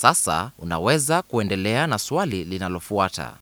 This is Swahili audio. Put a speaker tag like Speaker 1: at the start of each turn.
Speaker 1: Sasa unaweza kuendelea na swali linalofuata.